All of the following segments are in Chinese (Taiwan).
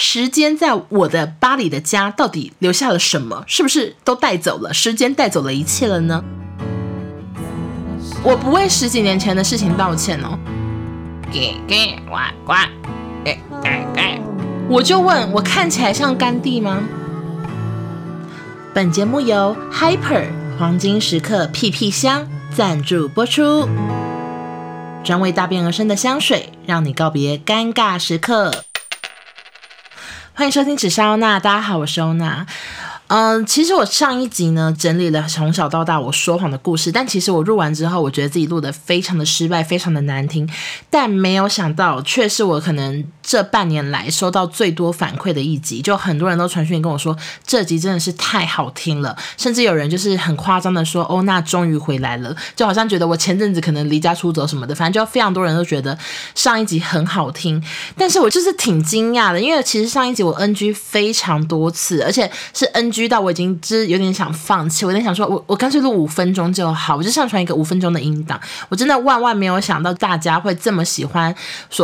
時間在我的巴黎的家到底留下了什麼？是不是都帶走了？時間帶走了一切了呢？我不為十幾年前的事情道歉哦。給給乖，給給給！我就問，我看起來像甘地嗎？本節目由 Hyper 黃金時刻屁屁香贊助播出，專為大便而生的香水，讓你告別尷尬時刻。歡迎收聽《紫砂歐娜》，大家好，我是歐娜。嗯，其實我上一集呢，整理了從小到大我說謊的故事。但其實我錄完之後，我覺得自己錄得非常的失敗，非常的難聽。但沒有想到，卻是我可能這半年來收到最多反饋的一集。就很多人都傳訊跟我說，這集真的是太好聽了。甚至有人就是很誇張的說，歐娜終於回來了，就好像覺得我前陣子可能離家出走什麼的。反正就非常多人都覺得上一集很好聽。但是我就是挺驚訝的，因為其實上一集我 NG 非常多次，而且是 NG。到我已經就是有點想放棄，我有點想說我，我我乾脆錄五分鐘就好，我就上傳一個五分鐘的音檔。我真的萬萬沒有想到大家會這麼喜歡瑣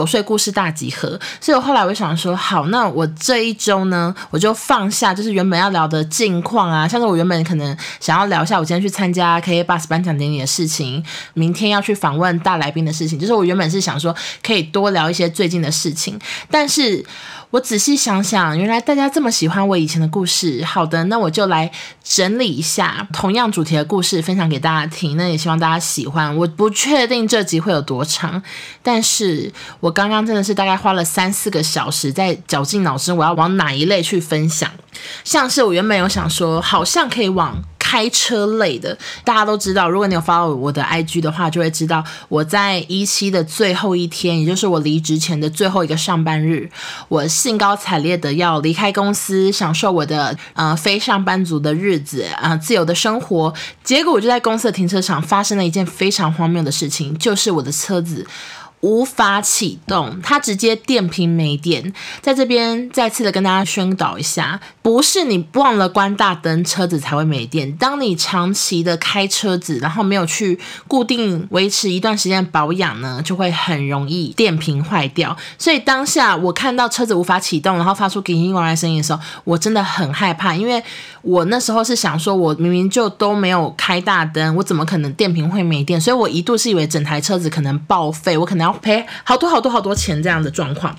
碎故事大集合，所以我後來我想說，好，那我這一周呢，我就放下，就是原本要聊的近況啊，像是我原本可能想要聊一下我今天去參加 KBS 頒獎典禮的事情，明天要去訪問大來賓的事情，就是我原本是想說可以多聊一些最近的事情，但是。我仔細想想，原來大家這麼喜歡我以前的故事。好的，那我就來整理一下同樣主題的故事，分享給大家聽。那也希望大家喜歡。我不確定這集會有多長，但是我剛剛真的是大概花了三四個小時在絞盡腦汁，我要往哪一類去分享？像是我原本有想說，好像可以往。開車類的，大家都知道。如果你有 follow 我的 IG 的話，就會知道我在一期的最後一天，也就是我離職前的最後一個上班日，我興高采烈的要離開公司，享受我的呃非上班族的日子啊、呃，自由的生活。結果我就在公司的停車場發生了一件非常荒謬的事情，就是我的車子。無法啟動，它直接電瓶沒電。在這邊再次的跟大家宣導一下，不是你忘了關大燈，車子才會沒電。當你長期的開車子，然後沒有去固定維持一段時間保養呢，就會很容易電瓶壞掉。所以當下我看到車子無法啟動，然後發出給 i v 來聲音的時候，我真的很害怕，因為我那時候是想說，我明明就都沒有開大燈，我怎麼可能電瓶會沒電？所以我一度是以為整台車子可能報廢，我可能要。賠好多好多好多錢這樣的狀況，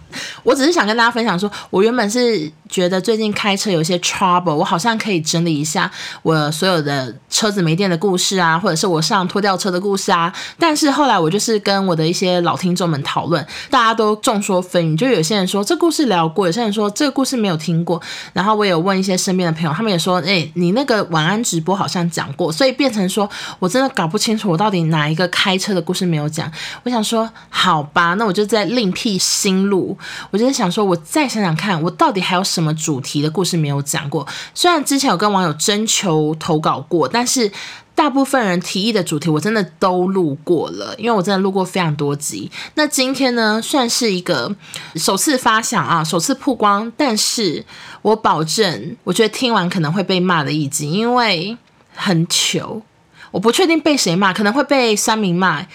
我只是想跟大家分享說，我原本是覺得最近開車有些 trouble，我好像可以整理一下我所有的車子沒電的故事啊，或者是我上拖吊車的故事啊。但是後來我就是跟我的一些老聽眾們討論，大家都眾說紛紜，就有些人說這故事聊過，有些人說這個故事沒有聽過。然後我有問一些身邊的朋友，他們也說，誒，你那個晚安直播好像講過，所以變成說我真的搞不清楚我到底哪一個開車的故事沒有講。我想說。好吧，那我就再另闢新路。我就是想說，我再想想看，我到底還有什麼主題的故事沒有講過？雖然之前有跟網友徵求投稿過，但是大部分人提議的主題，我真的都錄過了，因為我真的錄過非常多集。那今天呢，算是一個首次發想啊，首次曝光。但是我保證，我覺得聽完可能會被罵的一集，因為很糗。我不確定被誰罵，可能會被三明罵，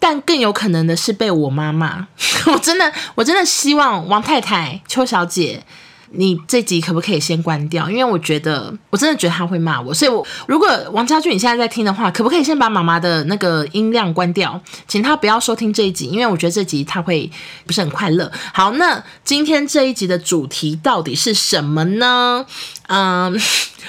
但更有可能的是被我媽罵。 我真的，我真的希望王太太、邱小姐。你這集可不可以先關掉？因為我覺得，我真的覺得他會罵我，所以我，我如果王家俊你現在在聽的話，可不可以先把媽媽的那個音量關掉？請他不要收聽這一集，因為我覺得這集他會不是很快樂。好，那今天這一集的主題到底是什麼呢？嗯，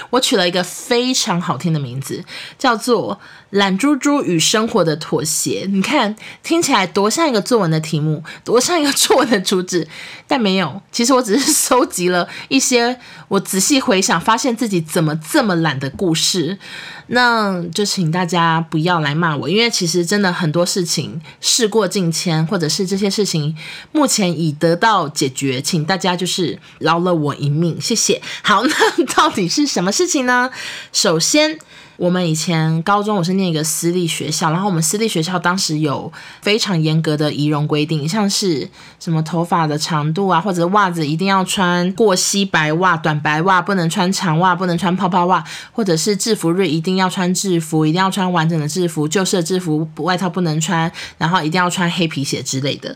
我取了一個非常好聽的名字，叫做。懶豬豬與生活的妥協，你看聽起來多像一個作文的題目，多像一個作文的主旨，但沒有。其實我只是收集了一些我仔細回想，發現自己怎麼這麼懶的故事。那就請大家不要來罵我，因為其實真的很多事情事過境遷，或者是這些事情目前已得到解決，請大家就是饒了我一命，謝謝。好，那到底是什麼事情呢？首先。我們以前高中，我是念一個私立學校，然後我們私立學校當時有非常嚴格的儀容規定，像是什麼頭髮的長度啊，或者襪子一定要穿過膝白襪、短白襪，不能穿長襪，不能穿泡泡襪，或者是制服日一定要穿制服，一定要穿完整的制服，舊式的制服外套不能穿，然後一定要穿黑皮鞋之類的。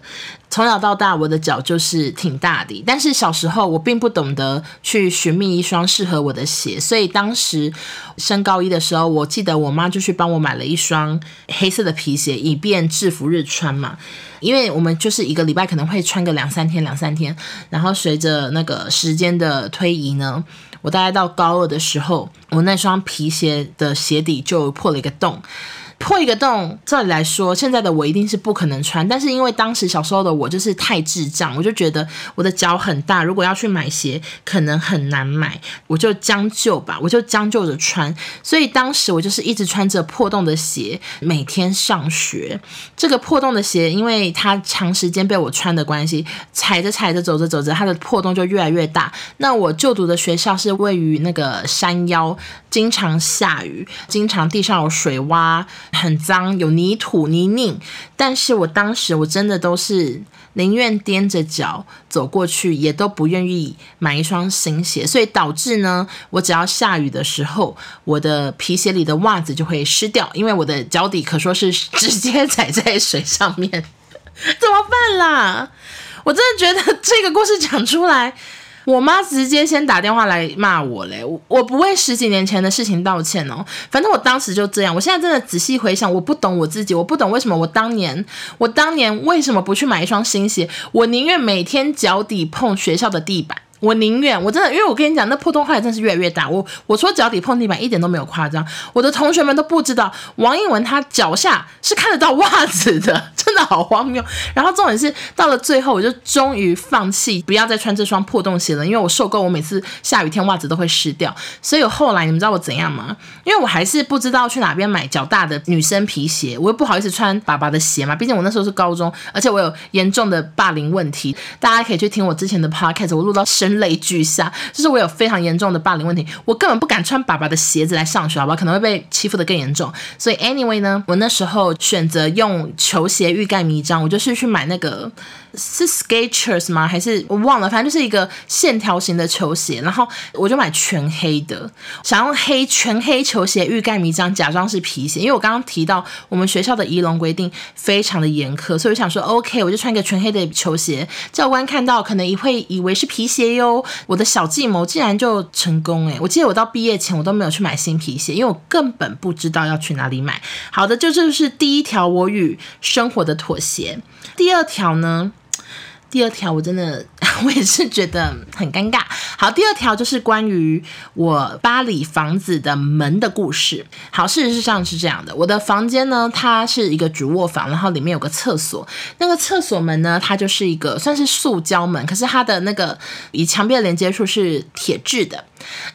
從小到大，我的腳就是挺大的，但是小時候我並不懂得去尋覓一雙適合我的鞋，所以當時升高一的時候，我記得我媽就去幫我買了一雙黑色的皮鞋，以便制服日穿嘛。因為我們就是一個禮拜可能會穿個兩三天，兩三天。然後隨着那個時間的推移呢，我大概到高二的時候，我那雙皮鞋的鞋底就破了一個洞。破一個洞，照理來說，現在的我一定是不可能穿。但是因為當時小時候的我就是太智障，我就覺得我的腳很大，如果要去買鞋，可能很難買，我就將就吧，我就將就着穿。所以當時我就是一直穿着破洞的鞋，每天上學。這個破洞的鞋，因為它長時間被我穿的關係，踩着踩着，走着走着，它的破洞就越來越大。那我就讀的學校是位於那個山腰，經常下雨，經常地上有水洼。很髒，有泥土泥濘，但是我當時我真的都是寧願踮着腳走過去，也都不願意買一雙新鞋，所以導致呢，我只要下雨的時候，我的皮鞋裡的襪子就會濕掉，因為我的腳底可說是直接踩在水上面。 怎麼辦啦？我真的覺得這個故事講出來。我媽直接先打電話來罵我嘞，我我不為十幾年前的事情道歉哦，反正我當時就這樣，我現在真的仔細回想，我不懂我自己，我不懂為什麼我當年，我當年為什麼不去買一雙新鞋，我寧願每天腳底碰學校的地板。我寧願我真的，因為我跟你講，那破洞鞋真是越來越大。我我說腳底碰地板一點都沒有誇張。我的同學們都不知道，王一文他腳下是看得到襪子的，真的好荒謬。然後重點是到了最後，我就終於放棄不要再穿這雙破洞鞋了，因為我受夠我每次下雨天襪子都會濕掉。所以我後來你們知道我怎樣嗎？因為我還是不知道去哪邊買腳大的女生皮鞋，我又不好意思穿爸爸的鞋嘛。畢竟我那時候是高中，而且我有嚴重的霸凌問題。大家可以去聽我之前的 podcast，我錄到深淚俱下，就是我有非常嚴重的霸凌問題，我根本不敢穿爸爸的鞋子來上學，好不好？可能會被欺負得更嚴重。所以，anyway 呢，我那時候選擇用球鞋欲蓋彌彰，我就是去買那個。是 Skechers 嗎？還是我忘了？反正就是一個線條型的球鞋，然後我就買全黑的，想用黑全黑球鞋欲蓋彌彰，假裝是皮鞋。因為我剛剛提到我們學校的儀容規定非常的嚴苛，所以我想說 OK，我就穿一個全黑的球鞋，教官看到可能也會以為是皮鞋喲。我的小計謀竟然就成功誒！我記得我到畢業前我都沒有去買新皮鞋，因為我根本不知道要去哪裡買。好的，就這就是第一條我與生活的妥協。第二條呢？第二條我真的，我也是覺得很尷尬。好，第二條就是關於我巴黎房子的門的故事。好，事實上是這樣的，我的房間呢，它是一個主臥房，然後裡面有個廁所，那個廁所門呢，它就是一個算是塑膠門，可是它的那個與牆壁連接處是鐵製的。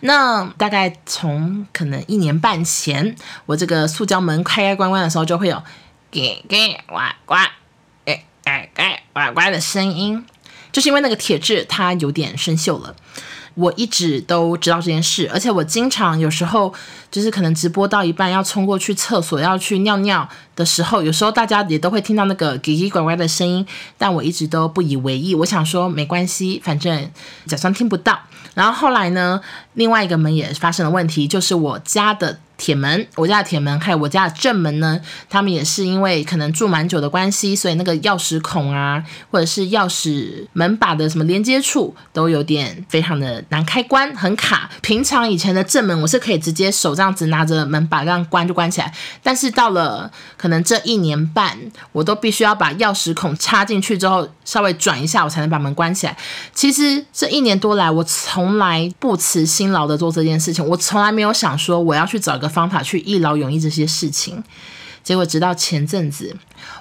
那大概從可能一年半前，我這個塑膠門開開關關的時候，就會有給給哇哇。哇哎哎，乖乖的聲音，就是因為那個鐵質它有點生鏽了。我一直都知道這件事，而且我經常有時候就是可能直播到一半要衝過去廁所要去尿尿。的時候，有時候大家也都會聽到那個嘰嘰呱呱的聲音，但我一直都不以為意。我想說沒關係，反正假裝聽不到。然後後來呢，另外一個門也發生了問題，就是我家的鐵門，我家的鐵門還有我家的正門呢，他們也是因為可能住蠻久的關係，所以那個鑰匙孔啊，或者是鑰匙門把的什麼連接處都有點非常的難開關，很卡。平常以前的正門我是可以直接手這樣子拿着門把這樣關就關起來，但是到了。可能這一年半，我都必須要把鑰匙孔插進去之後，稍微轉一下，我才能把門關起來。其實這一年多來，我從來不辭辛勞的做這件事情，我從來沒有想說我要去找一個方法去一勞永逸這些事情。結果直到前陣子。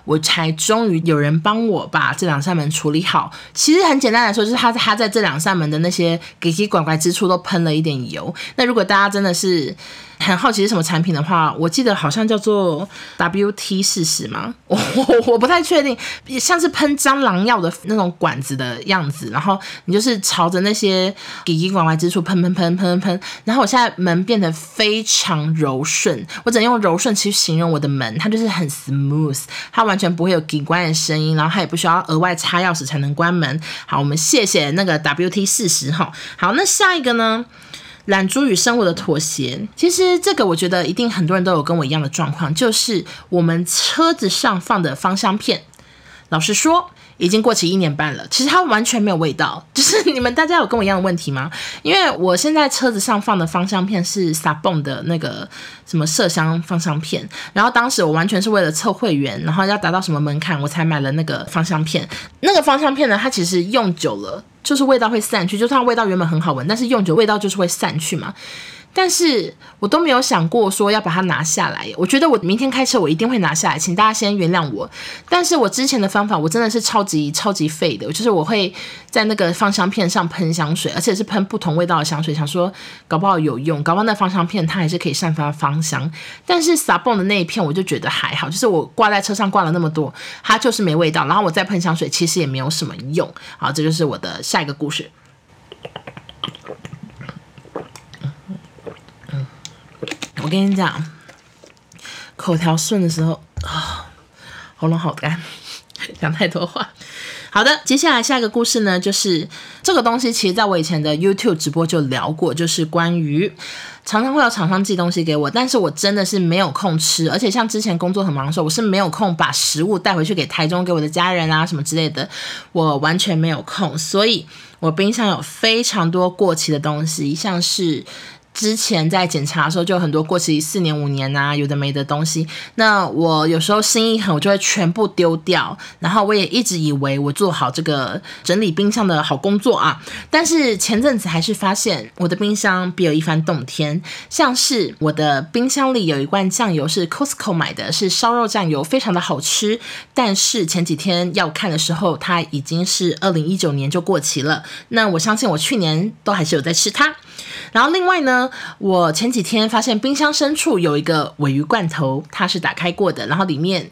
我才終於有人幫我把這兩扇門處理好。其實很簡單來說，就是他他在這兩扇門的那些奇奇怪怪之處都噴了一點油。那如果大家真的是很好奇是什麼產品的話，我記得好像叫做 WT 40嗎？我、oh, 我不太確定，像是噴蟑螂藥的那種管子的樣子，然後你就是朝着那些奇奇怪怪之處噴，噴噴噴噴噴噴。然後我現在門變得非常柔順，我只能用柔順其實形容我的門，它就是很 smooth。它完全不會有警官的聲音，然後它也不需要額外插鑰匙才能關門。好，我們謝謝那個 WT 四十哈。好，那下一個呢？懶豬與生活的妥協。其實這個我覺得一定很多人都有跟我一樣的狀況，就是我們車子上放的芳香片。老實說，已經過期一年半了，其實它完全沒有味道。就是你們大家有跟我一樣的問題嗎？因為我現在車子上放的方向片是 Sabon 的那個什麼麝香方向片，然後當時我完全是為了湊會員，然後要達到什麼門檻，我才買了那個方向片。那個方向片呢，它其實用久了，就是味道會散去。就算味道原本很好聞，但是用久了味道就是會散去嘛。但是我都沒有想過說要把它拿下來，我覺得我明天開車我一定會拿下來，請大家先原諒我。但是我之前的方法我真的是超級超級廢的，就是我會在那個芳香片上噴香水，而且是噴不同味道的香水，想說搞不好有用，搞不好那芳香片它還是可以散發芳香。但是撒蹦的那一片我就覺得還好，就是我掛在車上掛了那麼多，它就是沒味道，然後我再噴香水其實也沒有什麼用。好，這就是我的下一個故事。我跟你講，口條順的時候啊，喉嚨好乾，講太多話。好的，接下來下一個故事呢，就是這個東西，其實在我以前的 YouTube 直播就聊過，就是關於常常會有廠商寄東西給我，但是我真的是沒有空吃，而且像之前工作很忙的時候，我是沒有空把食物帶回去給台中給我的家人啊什麼之類的，我完全沒有空，所以我冰箱有非常多過期的東西，像是之前在檢查的時候，就很多過期四年、五年呐、啊，有的沒的東西。那我有時候心一狠，我就會全部丟掉。然後我也一直以為我做好這個整理冰箱的好工作啊，但是前陣子還是發現我的冰箱別有一番洞天。像是我的冰箱裡有一罐醬油是 Costco 買的是燒肉醬油，非常的好吃。但是前幾天要看的時候，它已經是二零一九年就過期了。那我相信我去年都還是有在吃它。然後另外呢，我前幾天發現冰箱深處有一個鮪魚罐頭，它是打開過的，然後裡面，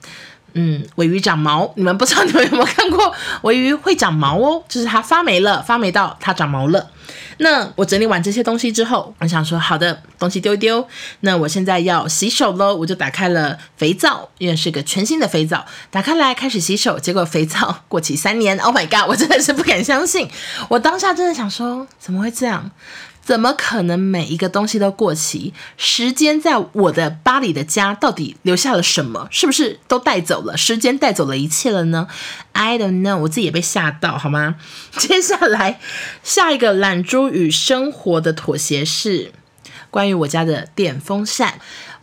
嗯，鮪魚長毛，你們不知道你們有沒有看過鮪魚會長毛哦，就是它發霉了，發霉到它長毛了。那我整理完這些東西之後，我想說，好的東西丟一丟。那我現在要洗手嘍，我就打開了肥皂，因為是個全新的肥皂，打開來開始洗手，結果肥皂過期三年，Oh my god，我真的是不敢相信，我當下真的想說怎麼會這樣？怎麼可能每一個東西都過期？時間在我的巴黎的家到底留下了什麼？是不是都帶走了？時間帶走了一切了呢？I don't know，我自己也被嚇到，好嗎？接下來，下一個懶豬與生活的妥協是關於我家的電風扇。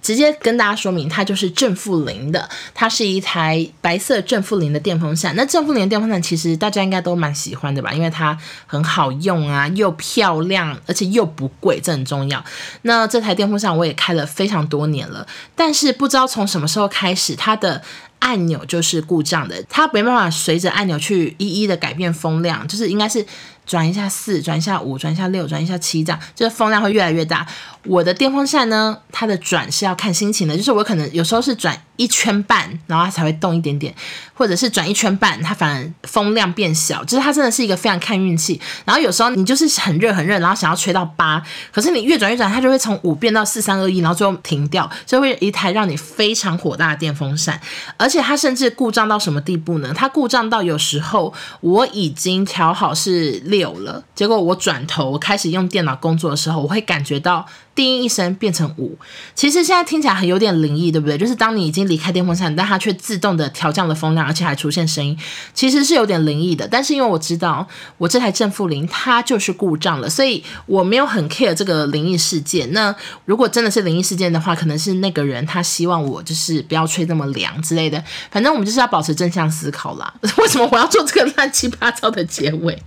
直接跟大家說明，它就是正負零的，它是一台白色正負零的電風扇。那正負零的電風扇其實大家應該都蠻喜歡的吧，因為它很好用啊，又漂亮，而且又不貴，這很重要。那這台電風扇我也開了非常多年了，但是不知道從什麼時候開始，它的按鈕就是故障的，它沒辦法隨着按鈕去一一的改變風量，就是應該是轉一下四，轉一下五，轉一下六，轉一下七這樣，就是風量會越來越大。我的電風扇呢，它的轉是要看心情的，就是我可能有時候是轉一圈半，然後它才會動一點點，或者是轉一圈半，它反而風量變小，就是它真的是一個非常看運氣。然後有時候你就是很熱很熱，然後想要吹到八，可是你越轉越轉，它就會從五變到四、三、二、一，然後最後停掉，就會一台讓你非常火大的電風扇，而。而且它甚至故障到什麼地步呢？它故障到有時候我已經調好是六了，結果我轉頭，我開始用電腦工作的時候，我會感覺到。叮一聲變成五，其實現在聽起來很有點靈異，對不對？就是當你已經離開電風扇，但它卻自動的調降了風量，而且還出現聲音，其實是有點靈異的。但是因為我知道我這台正負零它就是故障了，所以我沒有很 care 這個靈異事件。那如果真的是靈異事件的話，可能是那個人他希望我就是不要吹那麼涼之類的。反正我們就是要保持正向思考啦。為什麼我要做這個亂七八糟的結尾？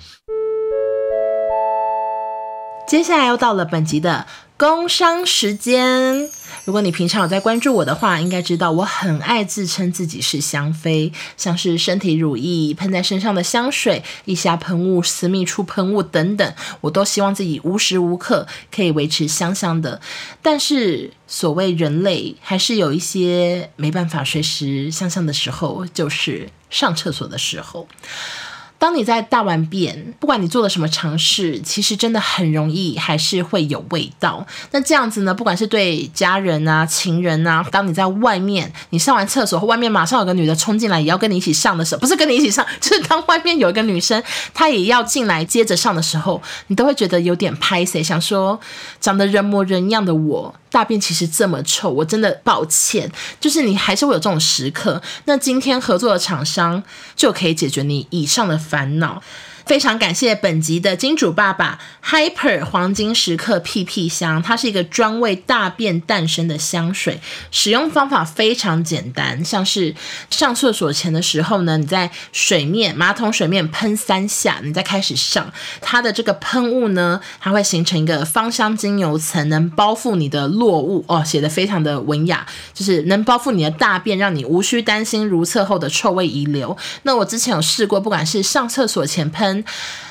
接下來又到了本集的。工商時間，如果你平常有在關注我的話，應該知道我很愛自稱自己是香妃，像是身體乳液、噴在身上的香水、腋下噴霧、私密處噴霧等等，我都希望自己無時無刻可以維持香香的。但是，所謂人類還是有一些沒辦法隨時香香的時候，就是上廁所的時候。當你在大完便，不管你做了什麼嘗試，其實真的很容易，還是會有味道。那這樣子呢？不管是對家人啊、情人啊，當你在外面，你上完廁所，外面馬上有個女的衝進來，也要跟你一起上的時候，不是跟你一起上，就是當外面有一個女生，她也要進來接着上的時候，你都會覺得有點拍謝，想說長得人模人樣的我，大便其實這麼臭，我真的抱歉。就是你還是會有這種時刻，那今天合作的廠商就可以解決你以上的煩惱。非常感謝本集的金主爸爸 Hyper 黃金時刻屁屁香，它是一個專為大便誕生的香水，使用方法非常簡單，像是上廁所前的時候呢，你在水面馬桶水面噴三下，你再開始上，它的這個噴霧呢，它會形成一個芳香精油層，能包覆你的落物哦，寫的非常的文雅，就是能包覆你的大便，讓你無需擔心如廁後的臭味遺留。那我之前有試過，不管是上廁所前噴。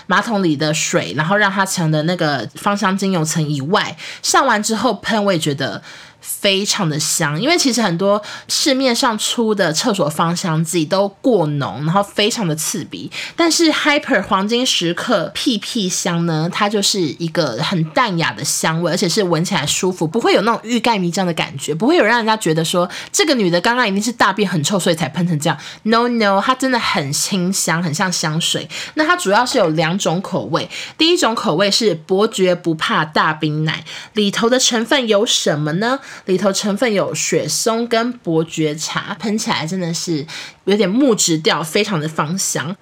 馬桶裡的水，然後讓它成的那個芳香精油層以外，上完之後噴，我也覺得，非常的香，因為其實很多市面上出的廁所芳香劑都過濃，然後非常的刺鼻。但是 Hyper 黃金時刻屁屁香呢，它就是一個很淡雅的香味，而且是聞起來舒服，不會有那種欲蓋彌彰的感覺，不會有讓人家覺得說這個女的剛剛一定是大便很臭，所以才噴成這樣。No No，它真的很清香，很像香水。那它主要是有兩種口味，第一種口味是伯爵不怕大冰奶，裡頭的成分有什麼呢？裡頭成分有雪松跟伯爵茶，噴起來真的是。有點木質調，非常的芳香。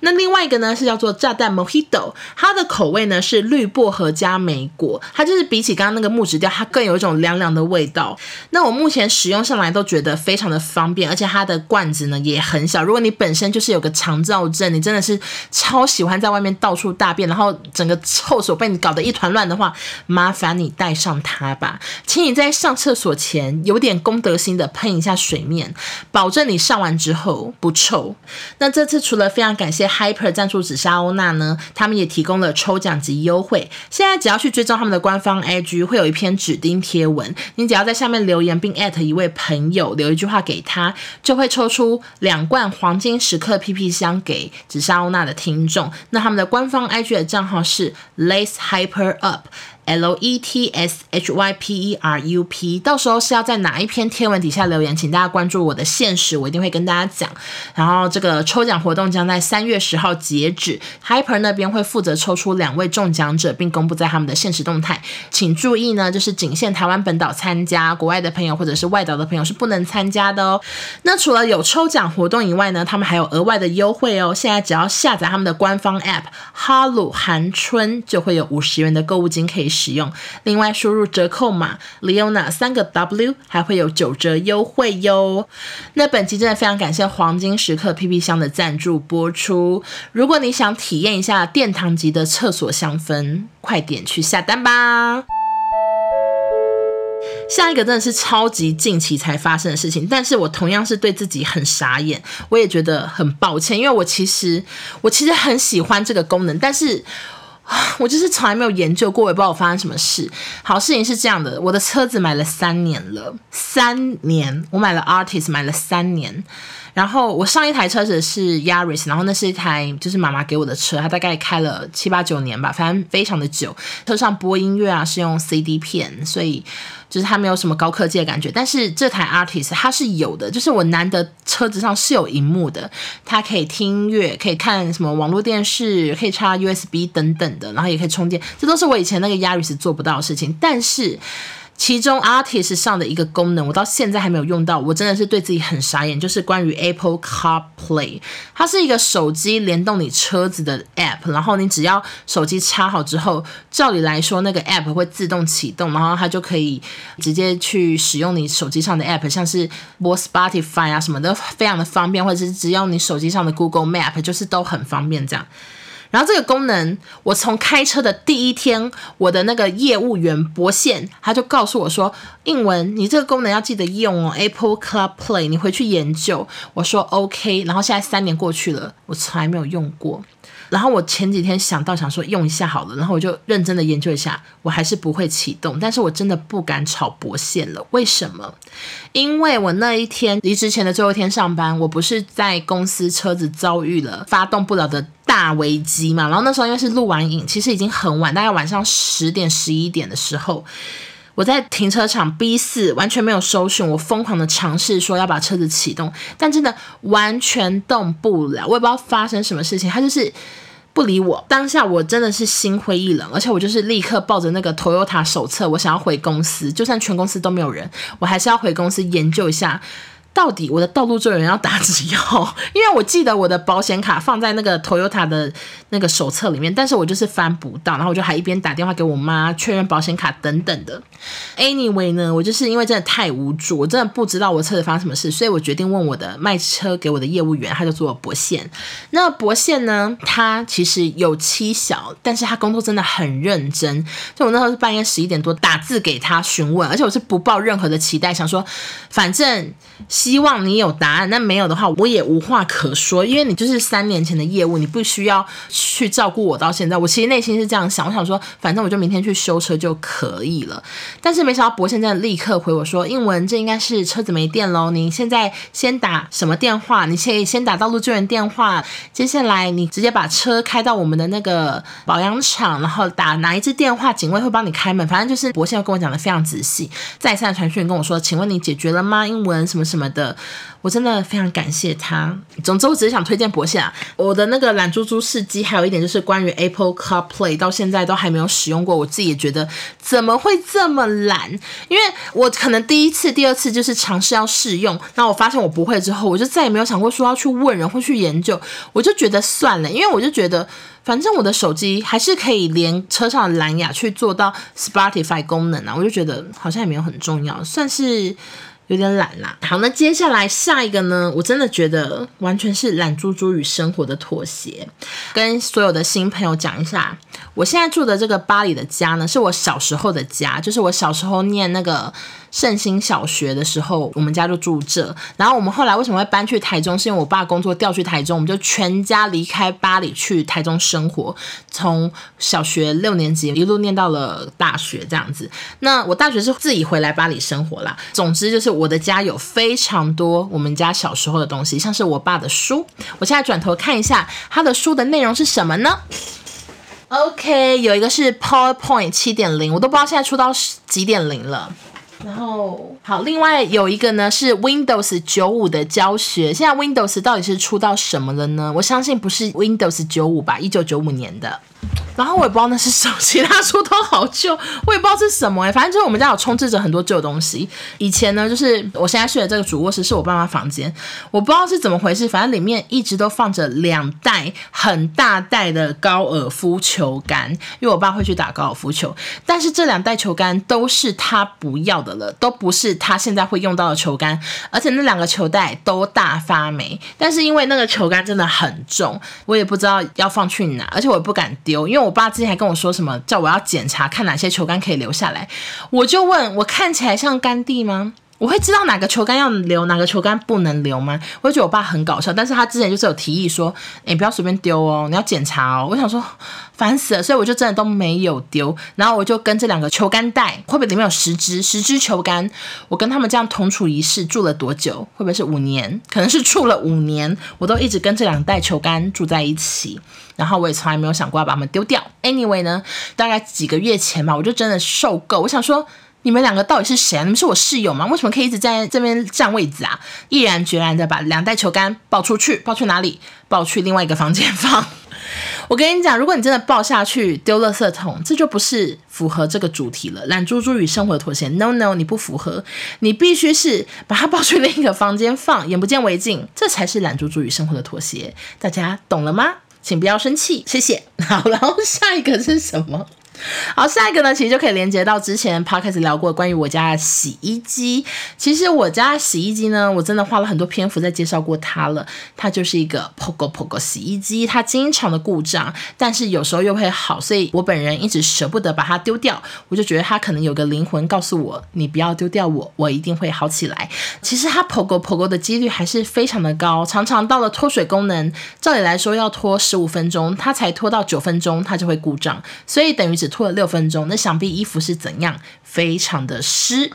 那另外一個呢，是叫做炸彈 Mojito，它的口味呢是綠薄荷加莓果，它就是比起剛剛那個木質調，它更有一種涼涼的味道。那我目前使用上來都覺得非常的方便，而且它的罐子呢也很小。如果你本身就是有個腸躁症，你真的是超喜歡在外面到處大便，然後整個廁所被你搞得一團亂的話，麻煩你帶上它吧。請你在上廁所前有點公德心的噴一下水面，保證你上完之後，不臭。那這次除了非常感謝 Hyper 贊助紫砂歐娜呢，他們也提供了抽獎及優惠。現在只要去追蹤他們的官方 IG，會有一篇指定貼文，你只要在下面留言並@一位朋友，留一句話給他，就會抽出兩罐黃金時刻屁屁香給紫砂歐娜的聽眾。那他們的官方 IG 的賬號是 Let's Hyper Up。L-E-T-S-H-Y-P-E-R-U-P，到時候是要在哪一篇貼文底下留言，請大家關注我的限時，我一定會跟大家講。然後這個抽獎活動將在三月十號截止，Hyper 那邊會負責抽出兩位中獎者，並公布在他們的限時動態。請注意呢，就是僅限台灣本島參加，國外的朋友或者是外島的朋友是不能參加的哦。那除了有抽獎活動以外呢，他們還有額外的優惠哦。現在只要下載他們的官方 App 哈魯含春，就會有五十元的購物金可以。使用，另外輸入折扣碼 Leona 三個 W 還會有九折優惠喲。那本期真的非常感謝黃金時刻屁屁香的贊助播出。如果你想體驗一下殿堂級的廁所香氛，快點去下單吧。下一個真的是超級近期才發生的事情，但是我同樣是對自己很傻眼，我也覺得很抱歉，因為我其實我其實很喜歡這個功能，但是。我就是從來沒有研究過，也不知道我發生什麼事。好，事情是這樣的，我的車子買了三年了，三年，我買了 Artist 買了三年。然後我上一台車子是 Yaris，然後那是一台就是媽媽給我的車，它大概開了七八九年吧，反正非常的久。車上播音樂啊是用 CD 片，所以就是它沒有什麼高科技的感覺。但是這台 Artist 它是有的，就是我難得車子上是有螢幕的，它可以聽音樂，可以看什麼網絡電視，可以插 USB 等等的，然後也可以充電，這都是我以前那個 Yaris 做不到的事情。但是。其中，Artist 上的一個功能，我到現在還沒有用到，我真的是對自己很傻眼。就是關於 Apple CarPlay，它是一個手機聯動你車子的 app，然後你只要手機插好之後，照理來說那個 app 會自動啟動，然後它就可以直接去使用你手機上的 app，像是播 Spotify 啊什麼的，非常的方便，或者是只要你手機上的 Google Map，就是都很方便這樣。然後這個功能，我從開車的第一天，我的那個業務員博線他就告訴我說：“應文，你這個功能要記得用哦，Apple CarPlay，你回去研究。”我說 OK。然後現在三年過去了，我從來沒有用過。然後我前幾天想到想說用一下好了，然後我就認真的研究一下，我還是不會啟動。但是我真的不敢吵博線了，為什麼？因為我那一天離職前的最後一天上班，我不是在公司車子遭遇了發動不了的。大危機嘛，然後那時候因為是錄完影，其實已經很晚，大概晚上十點十一點的時候，我在停車場 B 四完全沒有搜尋，我瘋狂的嘗試說要把車子啟動，但真的完全動不了，我也不知道發生什麼事情，他就是不理我。當下我真的是心灰意冷，而且我就是立刻抱着那個 Toyota 手冊，我想要回公司，就算全公司都沒有人，我還是要回公司研究一下。到底我的道路救援要打幾號？因為我記得我的保險卡放在那個 Toyota 的那個手冊裡面，但是我就是翻不到，然後我就還一邊打電話給我媽確認保險卡等等的。Anyway 呢，我就是因為真的太無助，我真的不知道我的車子發生什麼事，所以我決定問我的賣車給我的業務員，他就做博憲。那博憲呢，他其實有妻小，但是他工作真的很認真。就我那時候是半夜十一點多打字給他詢問，而且我是不抱任何的期待，想說反正。希望你有答案，那沒有的話，我也無話可說，因為你就是三年前的業務，你不需要去照顧我到現在。我其實內心是這樣想，我想說，反正我就明天去修車就可以了。但是沒想到博現在立刻回我說，英文，這應該是車子沒電嘍。你現在先打什麼電話？你可以先打道路救援電話，接下來你直接把車開到我們的那個保養廠，然後打哪一支電話，警衛會幫你開門。反正就是博現在跟我講的非常仔細，再三傳訊跟我說，請問你解決了嗎？英文什麼什麼。的，我真的非常感謝他。總之，我只是想推薦博啊。我的那個懶豬豬事蹟，還有一點就是關於 Apple CarPlay，到現在都還沒有使用過。我自己也覺得怎麼會這麼懶？因為我可能第一次、第二次就是嘗試要試用，那我發現我不會之後，我就再也沒有想過說要去問人或去研究。我就覺得算了，因為我就覺得反正我的手機還是可以連車上的藍牙去做到 Spotify 功能啊，我就覺得好像也沒有很重要，算是。有點懶啦、啊，好，那接下來下一個呢？我真的覺得完全是懶豬豬與生活的妥協。跟所有的新朋友講一下，我現在住的這個巴黎的家呢，是我小時候的家，就是我小時候念那個。聖心小學的時候，我們家就住這。然後我們後來為什麼會搬去台中？是因為我爸工作調去台中，我們就全家離開巴黎去台中生活。從小學六年級一路念到了大學，這樣子。那我大學是自己回來巴黎生活啦。總之就是我的家有非常多我們家小時候的東西，像是我爸的書。我現在轉頭看一下他的書的內容是什麼呢？OK，有一個是 PowerPoint 七點零，我都不知道現在出到幾點零了。然後好，另外有一個呢是 Windows 九五的教學。現在 Windows 到底是出到什麼了呢？我相信不是 Windows 九五吧，一九九五年的。然後我也不知道那是什麼，其他書都好舊，我也不知道是什麼哎、欸。反正就是我們家有充斥着很多舊東西。以前呢，就是我現在睡的這個主臥室是我爸媽房間，我不知道是怎麼回事，反正裡面一直都放着兩袋很大袋的高爾夫球桿，因為我爸會去打高爾夫球。但是這兩袋球桿都是他不要的了，都不是他現在會用到的球桿，而且那兩個球袋都大發霉。但是因為那個球桿真的很重，我也不知道要放去哪，而且我也不敢丟，因為我。我爸之前還跟我說什麼叫我要檢查看哪些球桿可以留下來。我就問我看起來像甘地嗎？我會知道哪個球桿要留，哪個球桿不能留嗎？我會覺得我爸很搞笑，但是他之前就是有提議說，誒、欸，不要隨便丟哦，你要檢查哦。我想說，煩死了，所以我就真的都沒有丟。然後我就跟這兩個球桿袋，會不會裡面有十支、十支球桿？我跟他們這樣同處一室住了多久？會不會是五年？可能是處了五年，我都一直跟這兩袋球桿住在一起。然後我也從來沒有想過要把它們丟掉。Anyway 呢，大概幾個月前吧，我就真的受夠，我想說。你們兩個到底是誰？你們是我室友嗎？為什麼可以一直在這邊占位置啊？毅然決然的把兩袋球桿抱出去，抱去哪裡？抱去另外一個房間放。 我跟你講，如果你真的抱下去丟垃圾桶，這就不是符合這個主題了。懶豬豬與生活的妥協，no no，你不符合，你必須是把它抱去另一個房間放，眼不見為淨，這才是懶豬豬與生活的妥協。大家懂了嗎？請不要生氣，謝謝。好了，然後下一個是什麼？ 好，下一個呢，其實就可以連接到之前 podcast 聊過關於我家洗衣機。其實我家洗衣機呢，我真的花了很多篇幅在介紹過它了。它就是一個 pogo pogo 洗衣機，它經常的故障，但是有時候又會好。所以，我本人一直捨不得把它丟掉。我就覺得它可能有個靈魂告訴我，你不要丟掉我，我一定會好起來。其實它 pogo pogo 的幾率還是非常的高，常常到了脫水功能，照理來說要脫十五分鐘，它才脫到九分鐘，它就會故障。所以等於只，脫了六分鐘，那想必衣服是怎樣？非常的濕。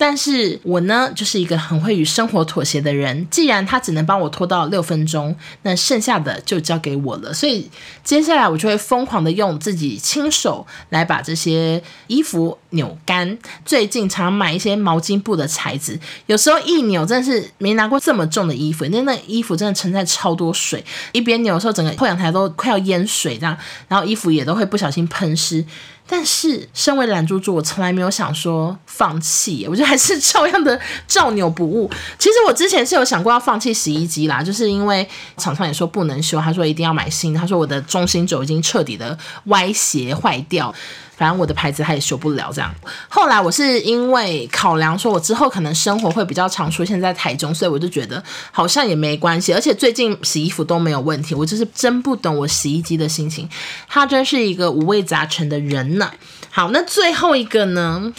但是我呢，就是一個很會與生活妥協的人。既然他只能幫我拖到六分鐘，那剩下的就交給我了。所以接下來我就會瘋狂的用自己親手來把這些衣服扭乾。最近常買一些毛巾布的材質，有時候一扭真的是沒拿過這麼重的衣服，因為那那衣服真的存在超多水。一邊扭的時候，整個後陽台都快要淹水這樣，然後衣服也都會不小心噴濕。但是，身為懶豬豬，我從來沒有想說放棄。我覺得還是照樣的照扭不誤。其實我之前是有想過要放棄洗衣機啦，就是因為廠商也說不能修，他說一定要買新的，他說我的中心軸已經徹底的歪斜壞掉。反正我的牌子，他也修不了這樣。後來我是因為考量說，我之後可能生活會比較常出現在台中，所以我就覺得好像也沒關係。而且最近洗衣服都沒有問題，我就是真不懂我洗衣機的心情，他真是一個五味雜陳的人呢。好，那最後一個呢？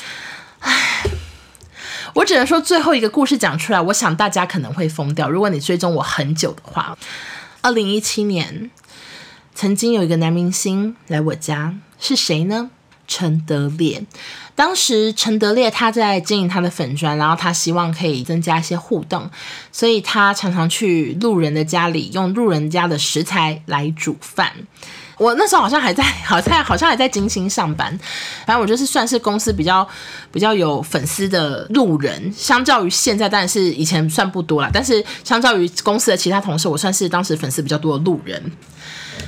唉，我只能說最後一個故事講出來，我想大家可能會瘋掉。如果你追蹤我很久的話，二零一七年曾經有一個男明星來我家，是誰呢？陳德烈，當時陳德烈他在經營他的粉專，然後他希望可以增加一些互動，所以他常常去路人的家裡，用路人家的食材來煮飯。我那時候好像還在，好像好像還在金星上班，反正我就是算是公司比較比較有粉絲的路人，相較於現在，但是以前算不多了，但是相較於公司的其他同事，我算是當時粉絲比較多的路人。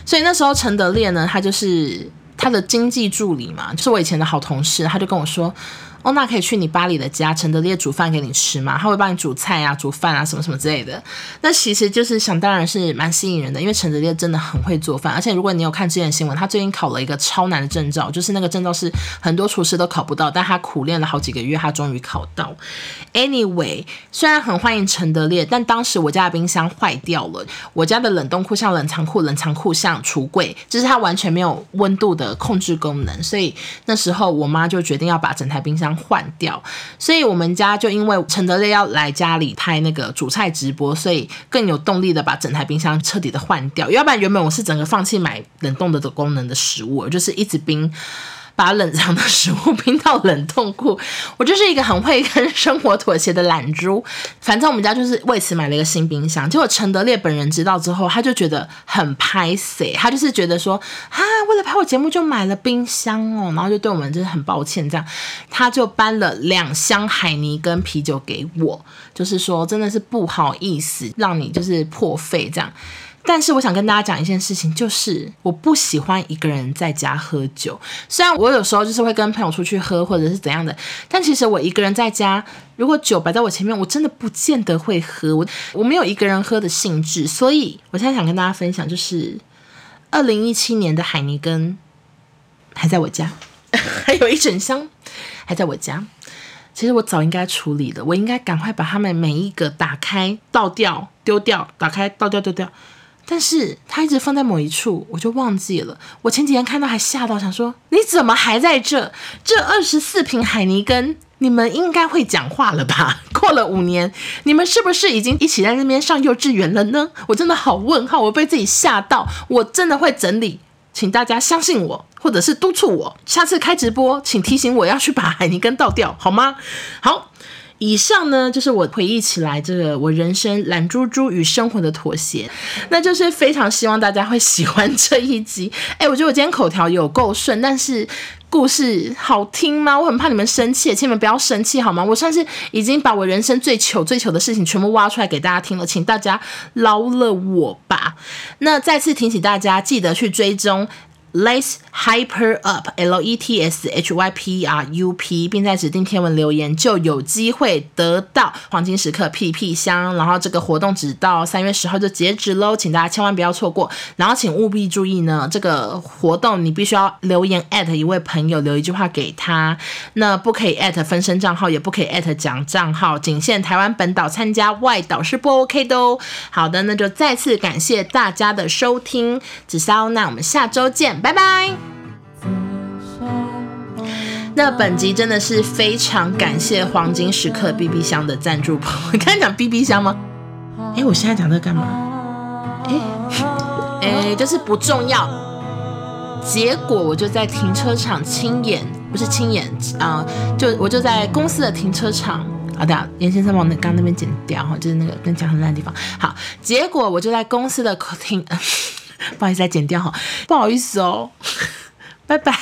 所以那時候陳德烈呢，他就是。他的經濟助理嘛，就是我以前的好同事，他就跟我說。哦，那可以去你巴黎的家，陳德烈煮飯給你吃嗎？他會幫你煮菜啊、煮飯啊，什麼什麼之類的。那其實就是想當然是蠻吸引人的，因為陳德烈真的很會做飯。而且如果你有看之前新聞，他最近考了一個超難的證照，就是那個證照是很多廚師都考不到，但他苦練了好幾個月，他終於考到。Anyway，雖然很歡迎陳德烈，但當時我家的冰箱壞掉了，我家的冷凍庫像冷藏庫，冷藏庫像櫥櫃，就是它完全沒有溫度的控制功能，所以那時候我媽就決定要把整台冰箱換掉，所以我們家就因為陳德瑞要來家裡拍那個煮菜直播，所以更有動力的把整台冰箱徹底的換掉。要不然原本我是整個放棄買冷凍的的功能的食物，就是一直冰。把冷藏的食物冰到冷凍庫，我就是一個很會跟生活妥協的懶豬。反正我們家就是為此買了一個新冰箱。結果陳德烈本人知道之後，他就覺得很歹勢，他就是覺得說，啊，為了拍我節目就買了冰箱哦，然後就對我們就是很抱歉這樣，他就搬了兩箱海尼根啤酒給我，就是說真的是不好意思讓你就是破費這樣。但是我想跟大家講一件事情，就是我不喜歡一個人在家喝酒。雖然我有時候就是會跟朋友出去喝，或者是怎樣的，但其實我一個人在家，如果酒擺在我前面，我真的不見得會喝。我我沒有一個人喝的興致。所以我現在想跟大家分享，就是二零一七年的海尼根還在我家， 還有一整箱，還在我家。其實我早應該處理了，我應該趕快把他們每一個打開倒掉丟掉，打開倒掉丟掉。但是它一直放在某一處，我就忘記了。我前幾天看到還嚇到，想說你怎麼還在這？這二十四瓶海尼根，你們應該會講話了吧？過了五年，你們是不是已經一起在那邊上幼稚園了呢？我真的好問號，我被自己嚇到。我真的會整理，請大家相信我，或者是督促我，下次開直播，請提醒我要去把海尼根倒掉好嗎？好。以上呢，就是我回憶起來這個我人生懶豬豬與生活的妥協，那就是非常希望大家會喜歡這一集。哎，我覺得我今天口條有夠順，但是故事好聽嗎？我很怕你們生氣，請你們不要生氣好嗎？我算是已經把我人生最糗最糗的事情全部挖出來給大家聽了，請大家饒了我吧。那再次提醒大家，記得去追蹤。Let's hyper up, L E T S H Y P R U P，並在指定貼文留言就有機會得到黃金時刻屁屁香。然後這個活動只到三月十號就截止嘍，請大家千萬不要錯過。然後請務必注意呢，這個活動你必須要留言@一位朋友，留一句話給他。那不可以@分身賬號，也不可以@假帳號，僅限台灣本島參加，外島是不 OK 的哦。好的，那就再次感謝大家的收聽，紫砂，那我們下周見。拜拜。那本集真的是非常感謝黃金時刻屁屁香的贊助播。你講屁屁香嗎？哎、欸，我現在講這個幹嘛？哎、欸、哎、欸，就是不重要。結果我就在停車場親眼，不是親眼啊，就我就在公司的停車場啊。等嚴先生把那剛那邊剪掉哈，就是那個跟講很爛的地方。好，結果我就在公司的客廳。不好意思，再剪掉哈，不好意思哦，拜拜。